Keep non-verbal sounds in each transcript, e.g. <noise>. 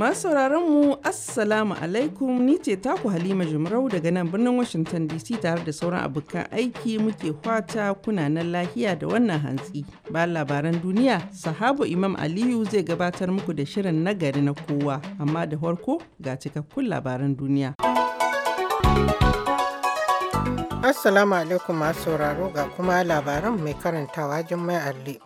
Masu sauraron mu Assalamu alaikum ni ce taku Halima Jumrau daga nan birnin Washington DC tare da sauran abokan aiki muke kwata kuna nan lahiya da wannan hantsi. Ba labaran duniya, sahabu Imam Aliyu zai gabatar muku da shirin nagari na kowa, amma da farko ga cikakkun labaran duniya. Assalamu alaikum masu sauraro ga kuma labaran mai karantawa Jummai Alli.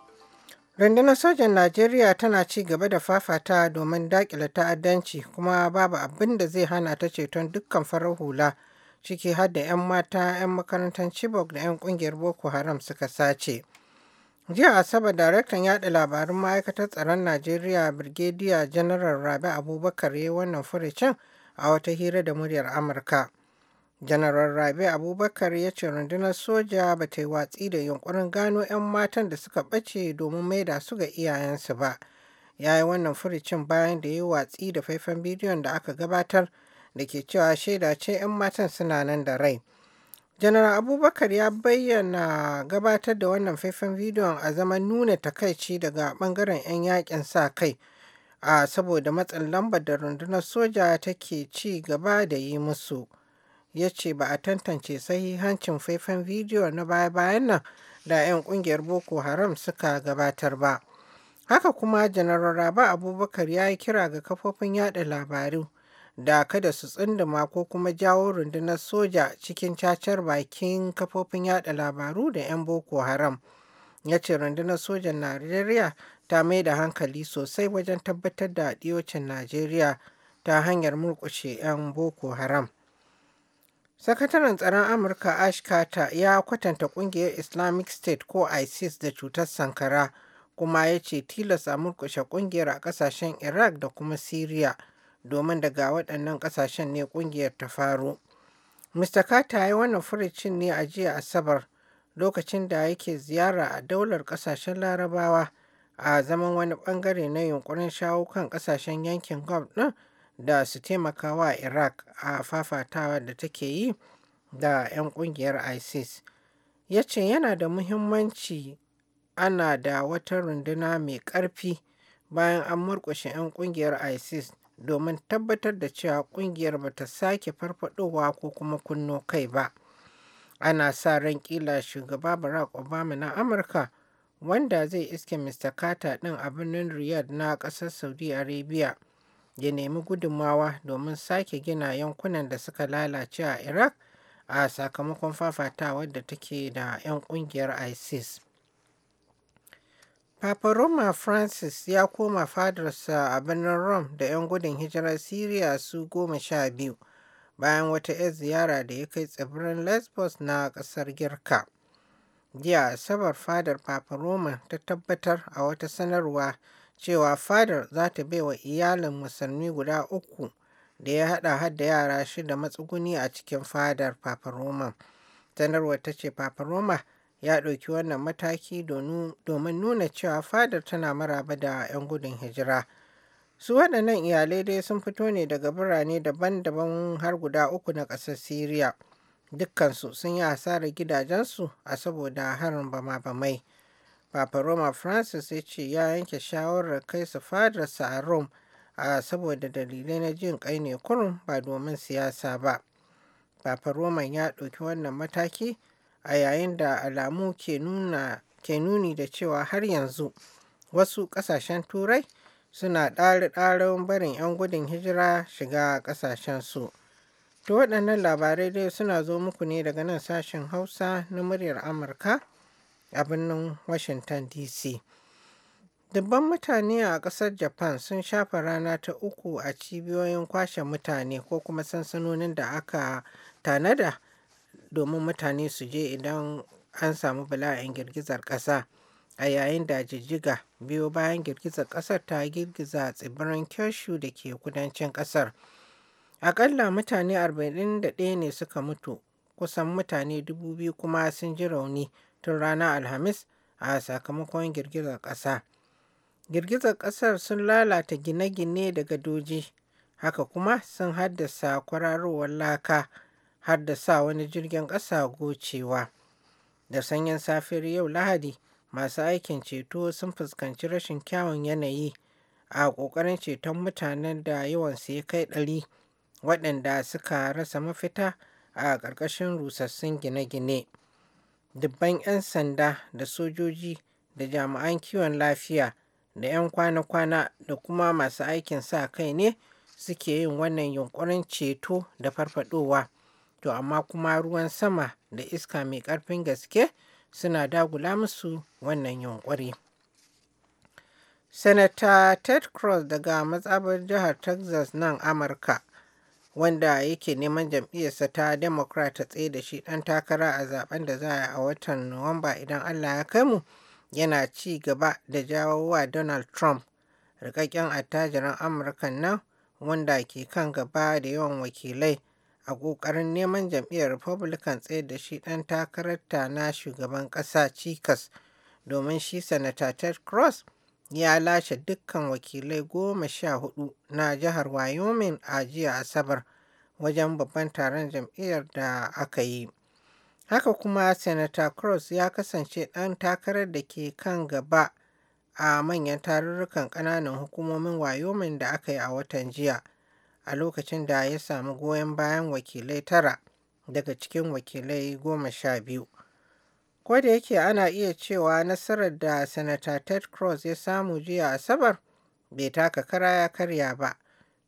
Rundunar sojan Najeriya tana ci gaba da fafata domin daƙile ta'addanci kuma babu abin da zai hana ta ceton dukkan farar hula ciki har da 'yan mata 'yan makarantar Chibok da 'yan ƙungiyar Boko Haram suka sace. Jiya Asabar daraktan yaɗa labarin ma'aikatar tsaron Najeriya Birgediya Janaral Rabi Abubakar ya yi wannan furicin a wata hira da muryar Amurka. Janaral Rabi Abubakar ya ce rundunar soja ba ta yi watsi da yunkurin gano 'yan matan da suka ɓace domin maida su ga iyayensu ba. Ya yi wannan furicin bayan da ya yi watsi da faifan bidiyon da aka gabatar da ke cewa shaida ce 'yan matan suna nan da rai. Janaral Abubakar ya bayyana gabatar da wannan faifan bidiyon a zaman nuna takaici daga bangaren 'yan yakin sa kai a saboda matsin lambar da rundunar soja take ci gaba da yi musu. ya ce ba a tantance sahihancin faifan bidiyo na baya-bayan nan da 'yan kungiyar boko haram suka gabatar ba haka kuma janar raba abubakar ya yi kira ga kafofin yada labaru da kada su tsinduma ko kuma jawo rundunar soja cikin cacar bakin kafofin yada labaru da 'yan boko haram ya ce rundunar sojan najeriya ta mai da hankali sosai wajen tabbatar da ɗiyocin najeriya ta hanyar murkushe 'yan boko haram Sakataren tsaron Amurka Ash Carter ya kwatanta kungiyar Islamic State ko ISIS da cutar sankara kuma ya ce tilas a murkushe kungiyar a kasashen Iraq da kuma Syria, domin daga waɗannan kasashen ne kungiyar ta faro. Mr. Carter ya yi wannan furucin ne a jiya Asabar lokacin da yake ziyara a daular kasashen Larabawa a zaman wani bangare na yunkurin shawo kan kasashen yankin Gulf ɗin da su taimaka wa Iraq a fafatawa da take yi da 'yan kungiyar ISIS. Ya ce yana da muhimmanci ana da wata runduna mai ƙarfi bayan an murkushe 'yan kungiyar ISIS domin tabbatar da cewa kungiyar ba ta sake farfadowa ko kuma kunno kai ba. Ana sa ran kila shugaba Barack Obama na Amurka wanda zai iske Mr. Carter ɗin a birnin Riyadh na ƙasar Saudi Arabia ya nemi gudunmawa domin sake gina yankunan da suka lalace a iraq a sakamakon fafatawar da take da 'yan kungiyar isis Papa Roma Francis ya koma fadarsa a birnin Rome da 'yan gudun hijirar syria su goma sha biyu bayan wata 'yan ziyara da ya kai tsibirin Lesbos na kasar Girka. Jiya Asabar fadar Papa Roma ta tabbatar a wata sanarwa cewa fadar za ta baiwa iyalin musulmi guda uku da ya haɗa har da yara shida matsuguni a cikin fadar Papa Roma. Sanarwar ta ce Papa Roma ya ɗauki wannan mataki domin nuna cewa fadar tana maraba da 'yan gudun hijira. Su waɗannan iyalai dai sun fito ne daga birane daban-daban har guda uku na ƙasar Siriya. Dukkansu sun yi asarar gidajensu a saboda harin bama-bamai. Papa Roma Francis ya ce ya yanke shawarar kai su fadarsa a Rome a saboda dalilai na jin kai ne kurum ba domin siyasa ba. Papa Roman ya ɗauki wannan mataki a yayin da alamu ke nuni da cewa har yanzu wasu ƙasashen turai suna ɗari-ɗarin barin 'yan gudun hijira shiga ƙasashensu. To waɗannan labarai dai suna zo muku ne daga nan sashen Hausa na muryar Amurka a birnin Washington DC. Dubban mutane a ƙasar Japan sun shafa rana ta uku a cibiyoyin kwashe mutane ko kuma sansanonin da aka tanada domin mutane su je idan an samu bala'in girgizar ƙasa a yayin da jijjiga biyo bayan girgizar ƙasar ta girgiza tsibirin kyoshu da ke kudancin ƙasar. akalla mutane 41 ne suka mutu, kusan mutane 2,000 kuma sun ji rauni tun ranar Alhamis a sakamakon girgizar ƙasa. Girgizar ƙasar sun lalata gine-gine da gadoji, haka kuma sun haddasa kwararowar laka haddasa wani jirgin ƙasa gocewa. Da sanyin safiyar yau Lahadi, masu aikin ceto sun fuskanci rashin kyawun yanayi a ƙoƙarin ceton mutanen da yawan su ya kai ɗari waɗanda suka rasa mafita a ƙarƙashin rusassun gine-gine. dubban 'yan sanda da sojoji da jami'an kiwon lafiya da 'yan kwana-kwana da kuma masu aikin sa kai ne suke yin wannan yunkurin ceto da farfadowa to amma kuma ruwan sama da iska mai ƙarfin gaske suna dagula musu wannan yunkuri. Sanata Ted Cruz daga matsabar jihar Texas nan Amurka wanda yake neman jam'iyyarsa ta democrat ta tsaye da shi ɗan takara a zaben da za a yi a watan nuwamba idan allah ya kai mu yana ci gaba da jawo wa donald trump rikakken attajiran amurka nan wanda ke kan gaba da yawan wakilai a ƙoƙarin neman jam'iyyar republican tsaye da shi ɗan takararta na shugaban ƙasa cikas domin shi sanata ted cross ya lashe dukkan wakilai goma sha hudu na jihar wayomin a jiya Asabar wajen babban taron jam'iyyar da aka yi. Haka kuma Senator Cross ya kasance ɗan takarar da ke kan gaba a manyan tarurrukan ƙananan hukumomin wayomin da aka yi a watan jiya, a lokacin da ya samu goyon bayan wakilai tara daga cikin wakilai goma sha biyu. da yake ana iya cewa nasarar da Sanata Ted Cruz ya samu jiya Asabar bai taka kara ya karya ba,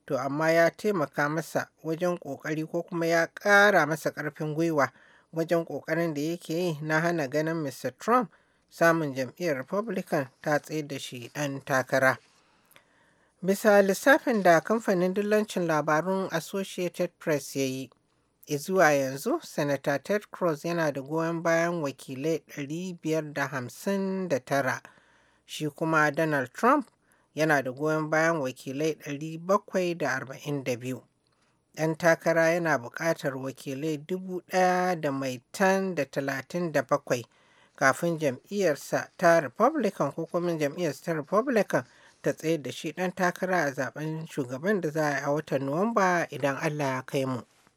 to amma ya taimaka masa wajen ƙoƙari ko kuma ya ƙara masa ƙarfin gwiwa wajen ƙoƙarin da yake yi na hana ganin Mr. Trump samun jam'iyyar Republican ta tse da shi ɗan takara. Bisa lissafin da kamfanin dillancin labarun Associated Press ya yi, zuwa yanzu senator ted cruz yana da goyon bayan wakilai 559 shi kuma donald trump yana da goyon bayan wakilai 742 ɗan takara yana buƙatar wakilai da da 1,037 kafin jam'iyyarsa ta republican ko kuma jam'iyyarsa ta republican ta tsaye da shi ɗan takara a zaben shugaban da za a yi a watan nuwamba idan allah ya kai mu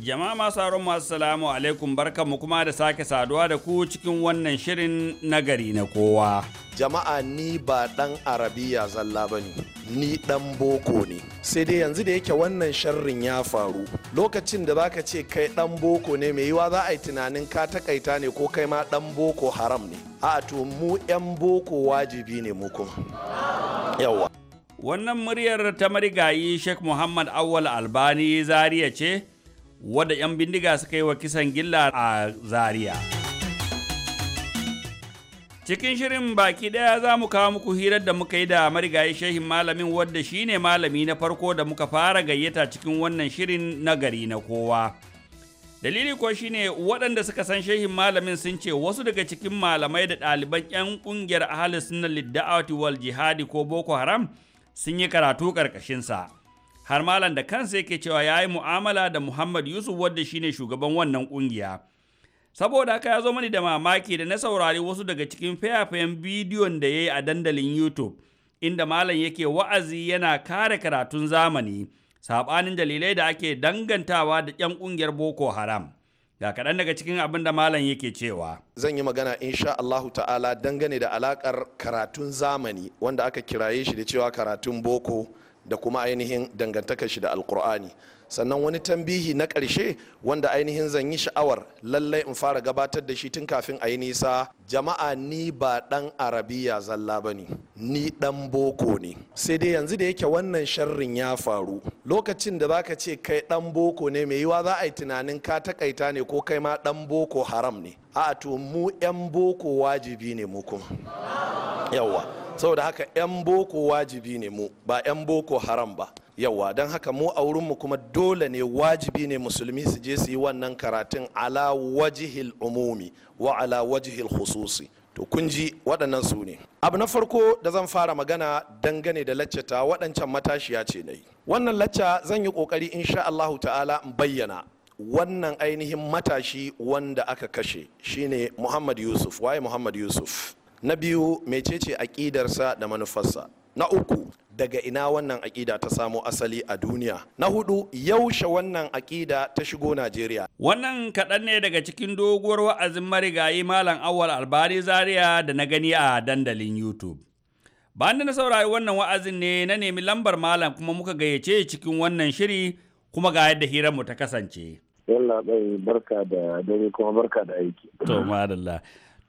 Jama'a masu haron masu salamu alaikum barkanmu kuma da sake saduwa da ku cikin wannan shirin nagari na kowa. Jama'a ni ba ɗan Arabiya zalla ba ne, ni ɗan boko ne. Sai dai yanzu da yake wannan sharrin ya faru, lokacin da zaka ce kai ɗan boko ne mai yiwa za a yi tunanin ka takaita ne ko kai ma ɗan boko haram ne. A'a to mu 'yan boko wajibi ne mu kuma. Yawa. Wannan muryar ta marigayi Sheikh Muhammad Awwal Albani Zaria ce wadda 'yan bindiga suka yi wa kisan gilla a zaria cikin shirin baki daya za mu kawo muku hirar da muka yi da marigayi shehin malamin wadda shine malami na farko da muka fara gayyata cikin wannan shirin na gari na kowa dalili ko shine waɗanda suka san shehin malamin sun ce wasu daga cikin malamai da ɗaliban 'yan ƙungiyar ahalus sunan lidda'awati wal jihadi ko boko haram sun yi karatu ƙarƙashinsa. har malam da kansa yake cewa ya yi mu'amala da Muhammad Yusuf wadda shine shugaban wannan kungiya. Saboda haka ya zo mani da mamaki da na saurari wasu daga cikin fayafayen bidiyon da ya yi a dandalin YouTube, inda malam yake wa'azi yana kare karatun zamani, saɓanin dalilai da ake dangantawa da 'yan ƙungiyar Boko Haram. Ga kaɗan daga cikin abin da malam yake cewa. Zan yi magana insha Allahu ta'ala dangane da alaƙar karatun zamani wanda aka kiraye shi da cewa karatun boko. da kuma ainihin dangantakar shi da alkur'ani sannan wani tambihi na ƙarshe wanda ainihin zan yi sha'awar lallai in fara gabatar da shi tun kafin a yi nisa jama'a ni ba ɗan arabiya zalla ba ne ni ɗan boko ne sai dai yanzu da yake wannan sharrin ya faru lokacin da zaka ce kai ɗan boko ne mai yiwa za a yi tunanin ka takaita ne ko kai ma ɗan boko haram ne a to mu 'yan boko wajibi ne mu kuma yawa saboda haka 'yan boko wajibi ne mu ba 'yan boko haram ba yawa don haka mu a wurinmu kuma dole ne wajibi ne musulmi su je su yi wannan karatun ala wajihil umumi wa ala wajihil hususi to kun ji waɗannan su ne abu na farko da zan fara magana dangane da laccata waɗancan matashiya ce na yi wannan lacca zan yi ƙoƙari sha Allahu ta'ala in bayyana wannan ainihin matashi wanda aka kashe shine Muhammad Yusuf waye Muhammad Yusuf na biyu mecece aƙidarsa da manufarsa na uku daga ina wannan aƙida ta samo asali a duniya na hudu yaushe wannan aƙida ta shigo najeriya wannan kaɗan ne daga cikin doguwar wa'azin marigayi malam awal albari zaria da na gani a dandalin youtube bayan da na saurari wannan wa'azin ne na nemi lambar malam kuma muka gayyace cikin wannan shiri kuma ga yadda hirar mu ta kasance yalla bai barka da dare kuma barka da aiki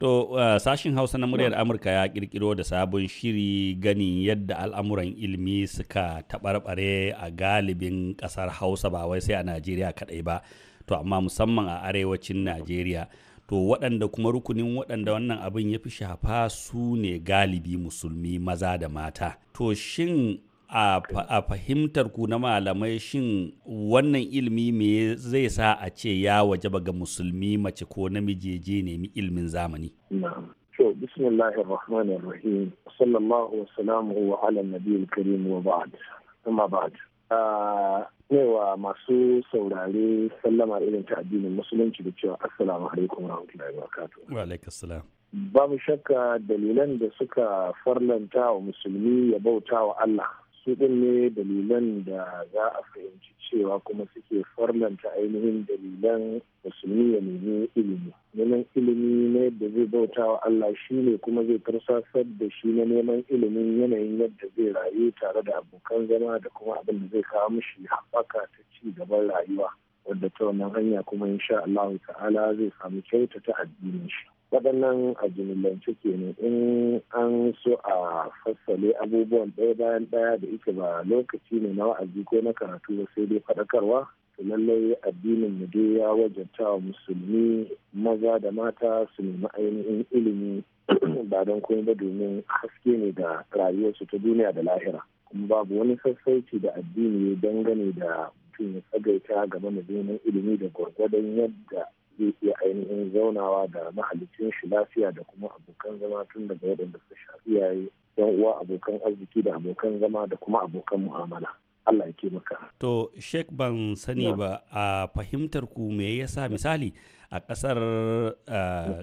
To uh, sashin Hausa na muryar Amurka ya kirkiro da sabon shiri gani yadda al'amuran ilimi suka taɓarɓare a galibin ƙasar Hausa ba wai sai a Najeriya kaɗai ba, to amma musamman a arewacin Najeriya. To waɗanda kuma rukunin waɗanda wannan abin ya fi shafa su ne galibi musulmi maza da mata. To shin a fahimtar ku na malamai shin wannan ilimi me zai sa a ce ya wajaba ga musulmi mace ko namiji je nemi ilimin zamani to bismillahir rahmanir rahim sallallahu wa salamu wa ala nabiyil karim wa ba'd amma ba'd wa masu saurare sallama irin ta addinin musulunci da cewa assalamu alaikum wa rahmatullahi wa barakatuh wa alaikum assalam babu shakka dalilan da suka farlanta wa musulmi ya bauta wa Allah su ɗin ne dalilan da za a fahimci cewa kuma suke farlanta ainihin dalilan musulmi ya nemi ilimi neman ilimi na yadda zai bauta wa Allah shi ne kuma zai karsasar da shi na neman ilimin yanayin yadda zai rayu tare da abokan zama da kuma abin da zai kawo mishi haɓaka ta ci gaban rayuwa wadda ta wannan hanya kuma insha allahu ta'ala zai samu kyauta ta addinin shi waɗannan a jimillance ne in an so a fassale abubuwan ɗaya bayan ɗaya da ita ba lokaci ne na wa'azi ko na karatu ba sai dai faɗakarwa to lallai addinin mu dai ya wajabta wa musulmi maza da mata su nemi ainihin ilimi <clears throat> ba don komai ba domin haske ne da rayuwarsu ta duniya da lahira kuma babu wani sassauci da addini dangane da mutum ya tsagaita game da neman ilimi da gwargwadon yadda zai iya ainihin zaunawa da mahalicin shi lafiya da kuma abokan zama tun daga waɗanda su shafi yayi yan uwa abokan arziki da abokan zama da kuma abokan mu'amala Allah ya maka. To Sheik ban sani ba a fahimtar ku me yasa misali a kasar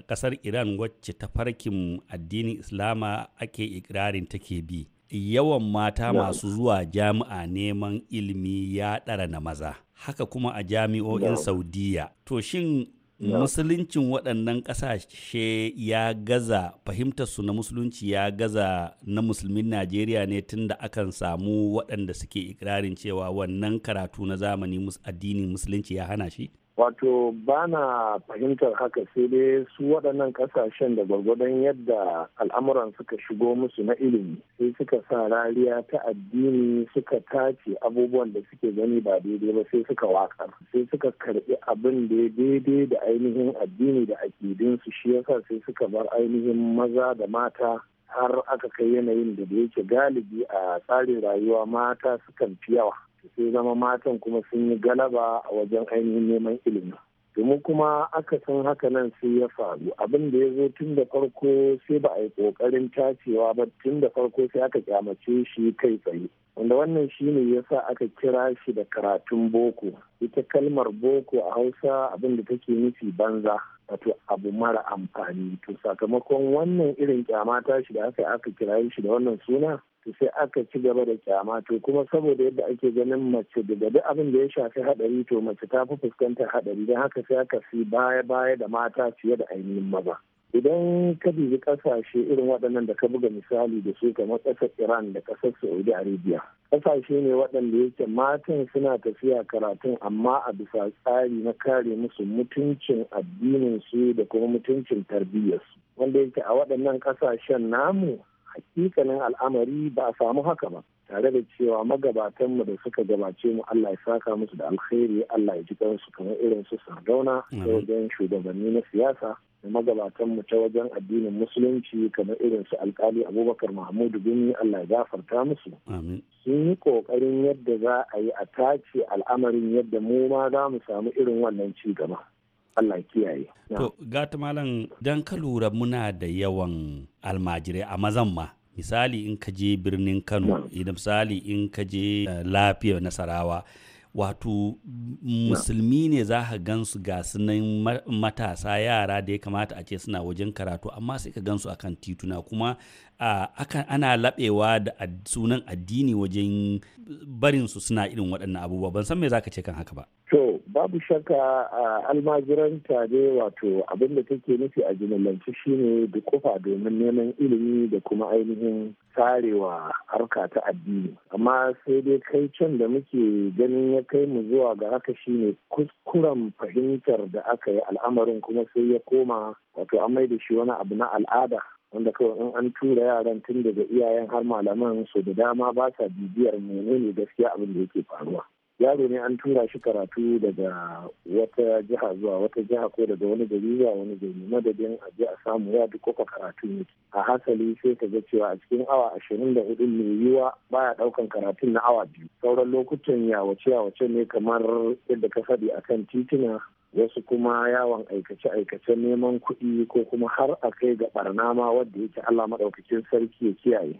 kasar Iran wacce ta farkin addinin Islama ake ikirarin take bi yawan mata masu zuwa jami'a neman ilimi ya ɗara na maza haka kuma a jami'o'in Saudiya to shin musuluncin waɗannan ƙasashe ya gaza fahimtarsu na musulunci ya gaza na musulmin najeriya ne tun da akan samu waɗanda suke ikirarin cewa wannan karatu na zamani addinin musulunci ya hana shi wato ba na fahimtar haka sai dai su waɗannan ƙasashen da gwargwadon yadda al'amuran suka shigo musu na ilimi sai suka sa rariya ta addini suka tace abubuwan da suke gani ba daidai ba sai suka waƙar sai suka karɓi abin da daidai da ainihin addini da akidinsu shi yasa sai suka bar ainihin maza da mata har aka kai yanayin da da yake galibi a tsarin rayuwa mata sukan fi yawa sai zama matan kuma sun yi galaba a wajen ainihin neman ilimi domin kuma aka san haka nan sai ya faru abin da ya zo tun da farko sai ba a yi kokarin tacewa ba tun da farko sai aka kyamace shi kai tsaye wanda wannan shi ne ya sa aka kira shi da karatun boko ita kalmar boko a hausa abin da take nufi banza wato abu mara amfani to sakamakon wannan irin kyamata shi da aka aka kira shi da wannan suna su sai aka ci gaba da kyama to kuma saboda yadda ake ganin mace daga duk abin da ya shafi hadari to mace ta fi fuskantar hadari don haka sai aka fi baya baya da mata fiye da ainihin maza idan ka dubi kasashe irin waɗannan da ka buga misali da su kamar ƙasar iran da ƙasar saudi arabia ƙasashe ne waɗanda yake matan suna tafiya karatun amma a bisa tsari na kare musu mutuncin addinin su da kuma mutuncin tarbiyyarsu wanda yake a waɗannan ƙasashen namu hakikanin al'amari ba a samu haka ba tare da cewa magabatanmu da suka gabace mu Allah ya saka musu da alkhairi Allah ya ji kansu kamar irin su sardauna ta wajen shugabanni na siyasa da magabatanmu ta wajen addinin musulunci kamar irin su alkali abubakar mahmudu gumi Allah ya gafarta musu sun yi kokarin yadda za a yi a tace al'amarin yadda mu ma za mu samu irin wannan ci gaba Allah kiyaye. To gata malam dan ka lura muna da yawan almajirai a mazan ma. Misali in ka je birnin Kano, idan eh, misali in ka je eh, lafiya Nasarawa, wato musulmi ne za ka gansu ga sunan matasa yara da ya kamata a ce suna wajen karatu amma sai ka gansu akan tituna kuma a ana laɓewa da sunan addini wajen barin su suna irin waɗannan abubuwa ban san me zaka ce kan haka ba to babu shakka almajiranta ne wato abin da take nufi a jimillanci shine da kufa domin neman ilimi da kuma ainihin tsarewa harka ta addini amma sai dai kai can da muke ganin ya kai mu zuwa ga haka shine kuskuren fahimtar da aka yi al'amarin kuma sai ya koma wato an mai da shi wani abu na al'ada wanda kawai in an tura yaran tun daga iyayen har malaman su da dama ba sa bibiyar menene gaskiya abin da yake faruwa yaro ne an tura shi karatu daga wata jiha zuwa wata jiha ko daga wani gari zuwa wani gari madadin a je a samu ya duk kofa karatu ne a hasali sai ka ga cewa a cikin awa ashirin da hudu mai yiwa baya daukan karatun na awa biyu sauran lokutan yawace yawace ne kamar yadda ka faɗi kan titina wasu kuma yawon aikace-aikace neman kuɗi ko kuma har a kai ga barna ma wadda yake Allah maɗaukakin sarki ya kiyaye.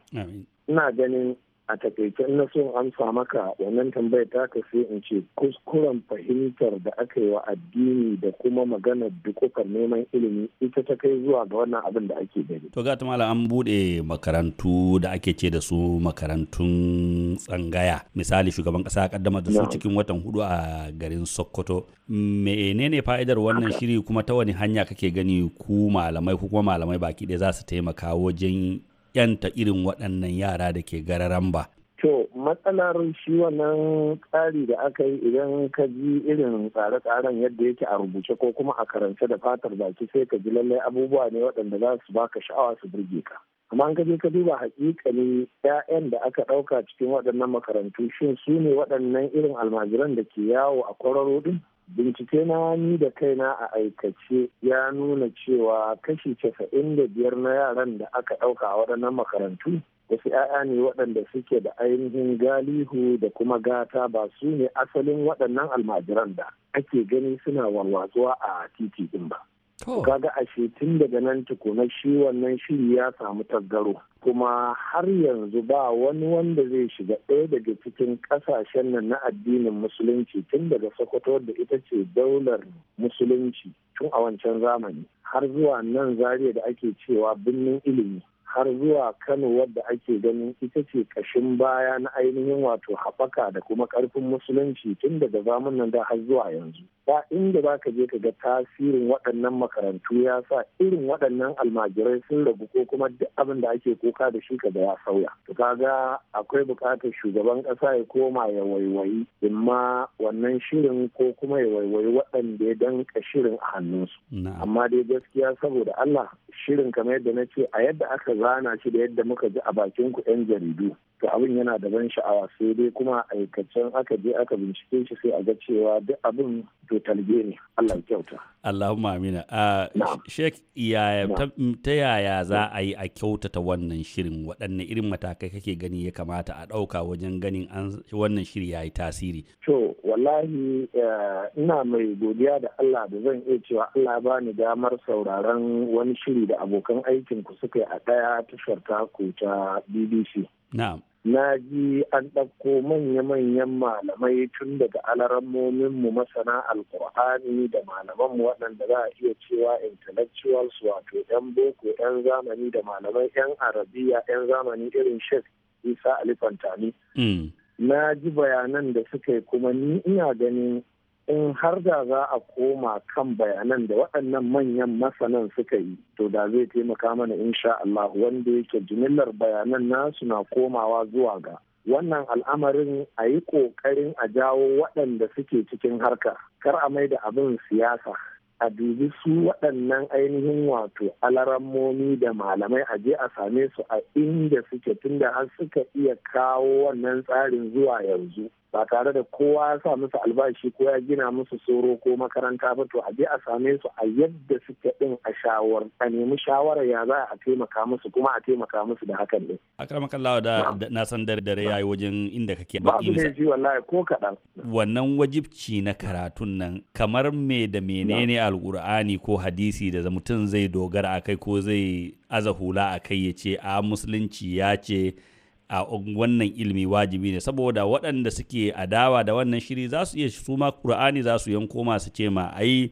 Ina ganin a takaice na so amsa maka wannan tambayar ka sai in ce kuskuren fahimtar da aka yi wa addini da kuma maganar dukkan neman ilimi ita ta kai zuwa ga wannan abin da ake gani. To ga tumala an buɗe makarantu da ake ce da su makarantun tsangaya misali shugaban ƙasa kaddamar da su cikin watan hudu a garin Sokoto. Menene fa'idar wannan shiri kuma ta wani hanya kake gani ku malamai ko kuma malamai baki ɗaya za su taimaka wajen yanta irin waɗannan yara da ke gararan ba. To matsalar shi wannan tsari da aka yi idan ka ji irin tsare-tsaren yadda yake a rubuce ko kuma a karance da fatar baki sai ka ji lallai abubuwa ne waɗanda za su baka sha'awa su burge ka. Amma an kaje ka duba hakikani ‘ya'yan da aka ɗauka cikin waɗannan makarantu shin su ne waɗannan irin almajiran da ke yawo a kwararo ɗin? bincike na ni da kaina a aikace ya nuna cewa kashi casa'in da biyar na yaran da aka ɗauka a waɗannan makarantu wasu 'ya'ya ne waɗanda suke da ainihin galihu da kuma gata ba su ne asalin waɗannan almajiran da ake gani suna warwatsuwa a titi ɗin ba kaga ashe tun daga nan tukuna shi wannan shiri ya samu tasgaro kuma har yanzu ba wani wanda zai shiga ɗaya daga cikin ƙasashen nan na addinin musulunci tun daga sokoto da ita ce daular musulunci tun a wancan zamani har zuwa nan zariya da ake cewa birnin ilimi har zuwa kano wadda ake ganin ita ce kashin baya na ainihin wato haɓaka da kuma ƙarfin musulunci tun daga zamanin da har zuwa yanzu ba inda ba ka je ka ga tasirin waɗannan makarantu ya sa irin waɗannan almajirai sun rabu ko kuma duk abin da ake kuka da shi ka ya sauya to kaga akwai buƙatar shugaban ƙasa ya koma ya waiwayi imma wannan shirin ko kuma ya waiwayi waɗanda ya danka shirin a hannunsu amma dai gaskiya saboda Allah shirin kamar yadda na ce a yadda aka zana shi da yadda muka ji a bakin ku 'yan jaridu to abin yana da ban sha'awa sai dai kuma aikacen aka je aka bincike shi sai a ga cewa duk abin to talge ne Allah ya kyauta Allahumma amina Sheikh yaya ta yaya za a yi a kyautata wannan shirin waɗanne irin matakai kake gani ya kamata a ɗauka wajen ganin wannan shiri ya yi tasiri to wallahi eh, ina mai godiya da Allah da zan iya cewa Allah ya bani damar sauraron wani shiri da abokan aikin ku suka yi a ɗaya tashar taku ta BBC na'am na ji an ɗauko manya-manyan malamai tun daga mu masana alkur'ani da malaman mu waɗanda za a iya cewa intellectuals wato 'yan boko 'yan zamani da malamai 'yan arabiya 'yan zamani irin shek isa alifantani mm. na ji bayanan da suka yi kuma ni ina ganin in har da za a koma kan bayanan da waɗannan manyan masanan suka yi to da zai taimaka mana insha Allah wanda yake jimillar bayanan nasu na komawa zuwa ga wannan al'amarin a yi ƙoƙarin a jawo waɗanda suke cikin harka, kar a mai da abin siyasa a dubi su waɗannan ainihin wato alarammomi da malamai a je a same su a inda suke tunda har suka iya kawo wannan tsarin zuwa yanzu ba tare da kowa ya sa musu albashi ko ya gina musu tsoro ko makaranta ba to a je a same su a yadda suke din a shawar a nemi shawarar ya za a taimaka musu kuma a taimaka musu da hakan ne akram kallawa da na san dare dare yayi wajen inda kake ba su ne ji wallahi ko kadan wannan wajibci na karatun nan kamar me da menene alqur'ani ko hadisi da mutum zai dogara akai ko zai aza hula akai ya ce a musulunci ya ce a wannan ilmi wajibi ne saboda waɗanda suke adawa da wannan shiri za su iya su ma Qur'ani za su yanko masu ce ma ai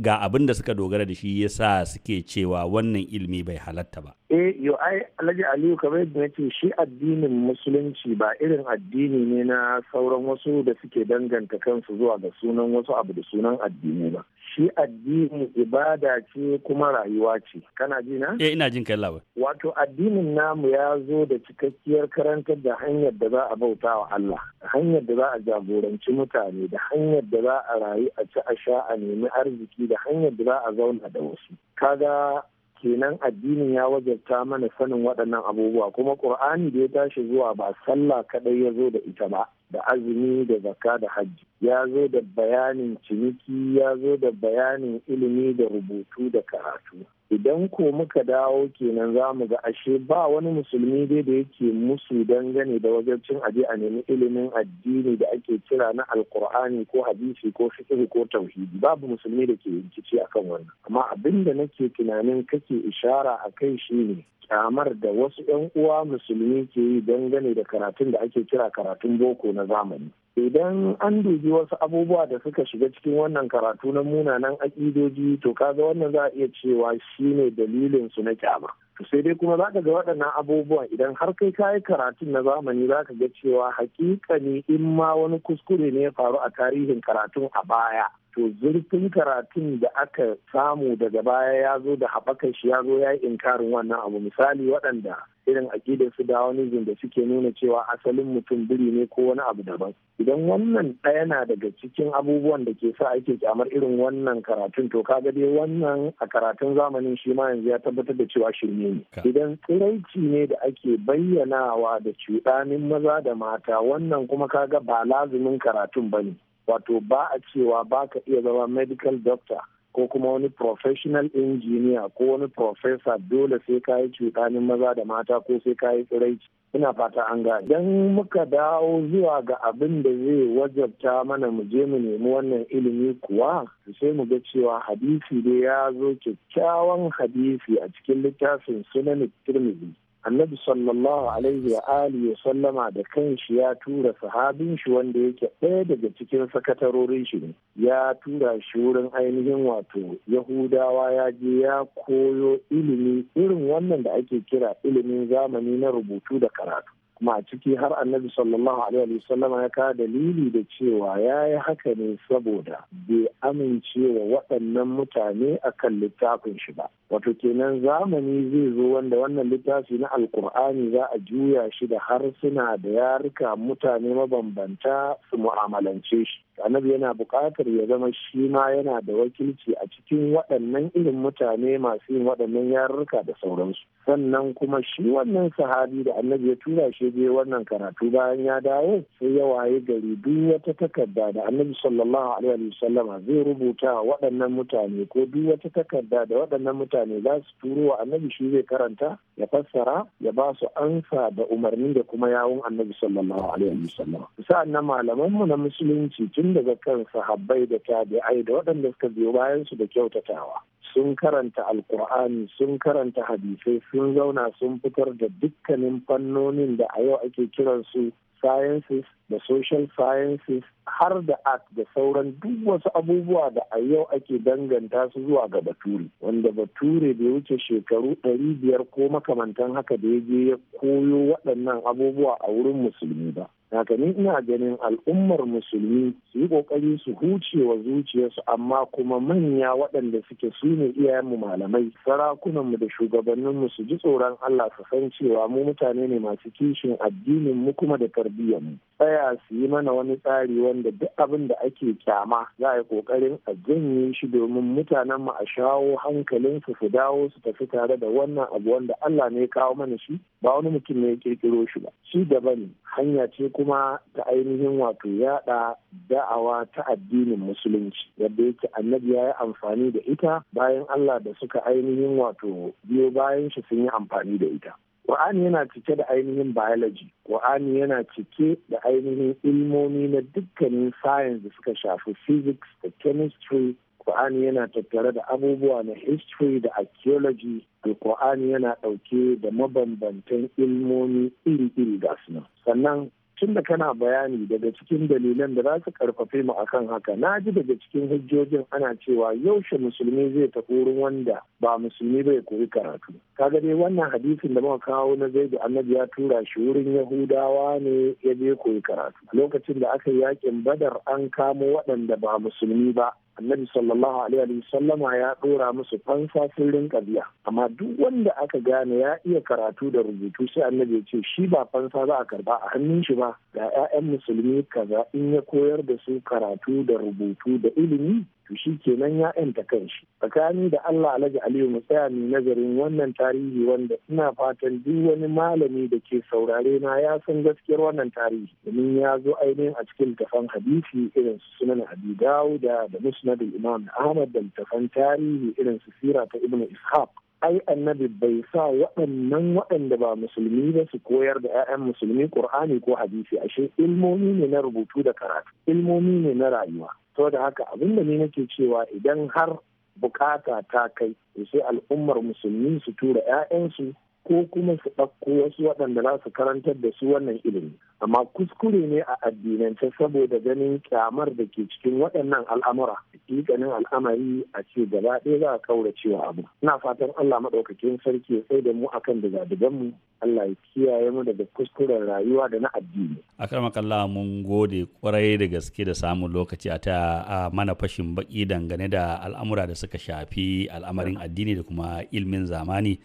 ga abin da suka dogara da shi yasa suke cewa wannan ilmi bai halatta ba eh yo ai Alhaji Aliyu kamar yadda ce shi addinin musulunci ba irin addini ne na sauran wasu da suke danganta kansu zuwa ga sunan wasu abu da sunan addini ba shi addini ibada ce kuma rayuwa ce kana ji eh ina jin kai labar wato addinin namu ya zo da cikakkiyar karantar da hanyar da za a bauta wa Allah hanyar da za a jagoranci mutane da hanyar da za a rayu a ci a sha a nemi arziki da hanyar da za a zauna da wasu kaga kenan addinin ya wajabta mana sanin waɗannan abubuwa kuma ƙur'ani da ya tashi zuwa ba sallah kaɗai ya zo da ita ba da azumi da zaka da hajji ya zo da bayanin ciniki ya zo da bayanin ilimi da rubutu da karatu idan ko muka dawo kenan za mu ga ashe ba wani musulmi dai da yake musu dangane da wajen cin aje a nemi ilimin addini da ake kira na alkur'ani ko hadisi ko fiqh ko tauhidi babu musulmi da ke rikici akan wannan amma abin da nake tunanin kake ishara a kai shine kyamar da wasu 'yan uwa musulmi ke yi dangane da karatun da ake kira karatun boko na zamani idan an dubi wasu abubuwa da suka shiga cikin wannan karatu na munanan akidoji, to kaga wannan za a iya cewa shine dalilin su na kyama to sai dai kuma zaka ga waɗannan abubuwan idan har kai kayi karatun na zamani zaka ga cewa hakika ne in ma wani kuskure ne ya faru a tarihin karatun a baya to zurfin karatun da aka samu daga baya ya zo da haɓakar shi ya zo ya yi inkarin wannan abu misali waɗanda irin aƙidar su dawanism da suke nuna cewa asalin mutum biri ne ko wani abu daban idan wannan ɗaya na daga cikin abubuwan da ke sa ake kyamar irin wannan karatun to kaga dai wannan a karatun zamanin shi ma yanzu ya tabbatar da cewa shirme ne idan tsiraici ne da ake bayyanawa da cuɗanin maza da mata wannan kuma kaga ba lazumin karatun ba ne wato ba a cewa ba ka iya zama medical doctor ko kuma wani professional engineer ko wani professor dole sai ka yi cutanin maza da mata ko sai ka yi tsiraici ina fata an gane idan muka dawo zuwa ga abin da zai wajabta mana mu je mu nemi wannan ilimi kuwa sai mu ga cewa hadisi dai ya zo kyakkyawan hadisi a cikin littafin sunan tirmidhi annabi sallallahu alaihi wa alihi sallama da kanshi ya tura sahabin shi wanda yake ɗaya daga cikin sakatarorin shi ne ya tura shi wurin ainihin wato yahudawa ya je ya koyo ilimi irin wannan da ake kira ilimin zamani na rubutu da karatu kuma a ciki har annabi sallallahu alaihi wa sallama ya ka dalili da cewa ya yi haka ne saboda bai amince wa waɗannan mutane a kan littafin shi ba wato kenan zamani zai zo wanda wannan littafi na alkur'ani za a juya shi da harsuna da yarika mutane mabambanta su mu'amalance shi annabi yana buƙatar ya zama shi ma yana da wakilci a cikin waɗannan irin mutane masu yin waɗannan yarurruka da sauransu sannan kuma shi wannan sahabi da annabi ya tura shi je wannan karatu bayan ya dawo sai ya waye gari duk wata takarda da annabi sallallahu alaihi wasallama zai rubuta waɗannan mutane ko duk wata takarda da waɗannan mutane za su turo wa annabi shi zai karanta ya fassara ya ba su ansa da umarni da kuma yawun annabi sallallahu alaihi wasallama sa'an nan malaman mu na musulunci tun tun daga kan sahabbai da tabi'ai da waɗanda suka biyo bayan su da kyautatawa sun karanta alkur'ani sun karanta hadisai sun zauna sun fitar da dukkanin fannonin da a yau ake kiransu sciences da social sciences har da art da sauran duk wasu abubuwa da a yau ake danganta su zuwa ga bature wanda bature bai wuce shekaru ɗari biyar ko makamantan haka da ya je ya koyo waɗannan abubuwa a wurin musulmi ba haka ni ina ganin al'ummar musulmi su yi kokari su huce wa zuciyarsu amma kuma manya waɗanda suke su ne mu malamai sarakunanmu da shugabanninmu su ji tsoron Allah su san cewa mu mutane ne masu kishin addinin mu kuma da tarbiyyar mu tsaya su yi mana wani tsari wanda duk abin da ake kyama za a yi kokarin a janye shi domin mutanenmu a shawo hankalinsu su dawo su tafi tare da wannan abu wanda Allah ne ya kawo mana shi ba wani mutum ne ya kirkiro shi ba shi daban hanya ce kuma ta ainihin wato yada da'awa ta addinin musulunci yadda yake annabi ya yi amfani da ita bayan Allah da suka ainihin wato biyo bayan shi sun yi amfani da ita. Ƙur'ani yana cike da ainihin biology, qur'ani yana cike da ainihin ilmomi na dukkanin science da suka shafi physics da chemistry qur'ani yana tattare da abubuwa na history da archaeology. Alƙur'ani yana ɗauke da mabambantan ilmomi iri-iri ga su Sannan tun da kana bayani daga cikin dalilan da za su karfafe mu akan haka na ji daga cikin hujjojin ana cewa yaushe musulmi zai tafi wurin wanda ba musulmi bai koyi karatu kaga dai wannan hadisin da muka kawo na Zaidu da annabi ya tura shi wurin yahudawa ne ya je koyi karatu lokacin da aka yi yakin badar an kamo waɗanda ba musulmi ba annabi sallallahu alaihi wa sallama ya dora musu fansa sun rinka biya amma duk wanda aka gane ya iya karatu da rubutu sai annabi ya ce shi ba fansa za a karba a hannun shi ba ga 'ya'yan musulmi kaza in ya koyar da su karatu da rubutu da ilimi to shi kenan ya yanta kanshi tsakani da Allah Alhaji Aliyu mu tsaya mai nazarin wannan tarihi wanda ina fatan duk wani malami da ke saurare na ya san gaskiyar wannan tarihi domin ya zo ainihin a cikin tafan hadisi irin su sunan Abi Dawud da Musnad Imam Ahmad da tafan tarihi irin su sira ta Ibnu Ishaq ai annabi bai sa waɗannan waɗanda ba musulmi ba su koyar da 'ya'yan musulmi ƙur'ani ko hadisi ashe ilmomi ne na rubutu da karatu ilmomi ne na rayuwa saboda haka abin da ni nake cewa idan har bukata ta kai sai al'ummar musulmi su tura 'ya'yansu ko kuma su ɗauko wasu waɗanda za su karantar da su wannan ilimi amma kuskure ne a addinance saboda ganin kyamar da ke cikin waɗannan al'amura hakikanin al'amari a ce gaba ɗaya za a cewa abu ina fatan Allah maɗaukakin sarki ya tsaye da mu akan da mu Allah ya kiyaye mu daga kuskuren rayuwa da na addini akramakallah mun gode kwarai da gaske da samun lokaci a ta mana fashin baki dangane da al'amura da suka shafi al'amarin addini da kuma ilimin zamani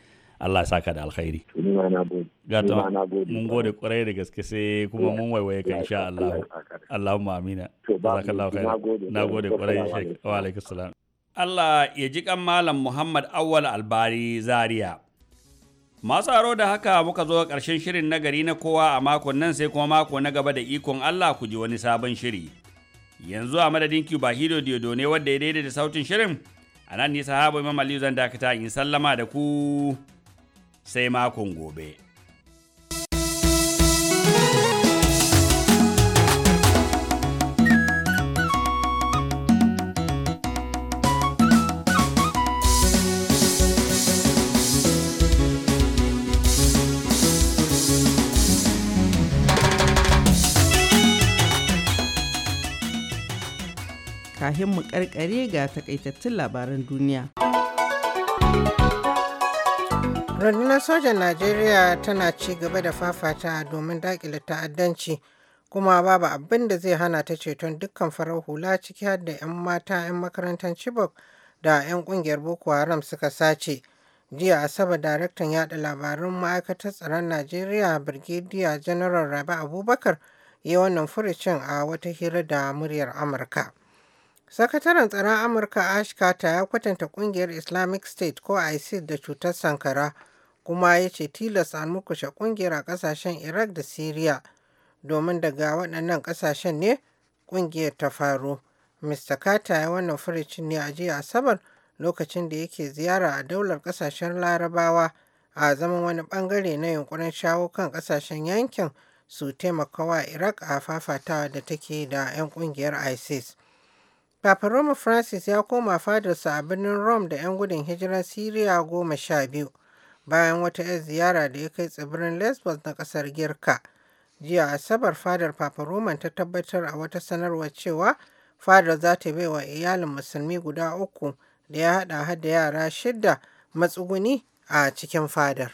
Allah saka da alkhairi gata mun gode kwarai da gaske sai kuma mun waiwaye ka insha Allah Allahumma amina barakallahu khair gode kwarai shek wa alaikum salam Allah ya ji kan malam Muhammad Awwal Albari Zaria Masu aro da haka muka zo ƙarshen shirin na gari na kowa a makon nan sai kuma mako na gaba da ikon Allah ku ji wani sabon shiri. Yanzu a madadin Cuba da Diodo ne wadda ya daidaita sautin shirin, a nan ni habu Imam Aliyu zan dakata in sallama da ku sai makon gobe. kahin mu ƙarƙare ga takaitattun labaran duniya. rundunar sojan najeriya tana ci gaba da fafata domin daƙile ta'addanci kuma babu abin da zai hana ta ceton dukkan farar hula ciki har da 'yan mata 'yan makarantar chibok da 'yan kungiyar boko haram suka sace jiya asabar daraktan yada labarun ma'aikatar tsaron najeriya birgidiya general rabi abubakar yi wannan furicin a wata hira da muryar amurka sakataren tsaron amurka ashkata ya kwatanta kungiyar islamic state ko isis da cutar sankara kuma ya ce tilas an mukushe kungiyar a kasashen iraq da syria domin daga waɗannan kasashen ne kungiyar ta faru, mr carter ya wannan furicin ne a jiya asabar lokacin da yake ziyara a daular kasashen larabawa a zaman wani bangare na yunkurin shawo kan kasashen yankin su taimakawa iraq a fafatawa da take da 'yan kungiyar isis Papa Roma Francis ya koma fadarsa a birnin Rome da 'yan gudun hijirar Syria goma sha biyu bayan wata 'yar ziyara da ya kai tsibirin lesbos na kasar girka jiya asabar fadar papa roman ta tabbatar a wata sanarwa cewa fadar za ta baiwa iyalin musulmi guda uku da ya hada hada yara shida matsuguni a cikin fadar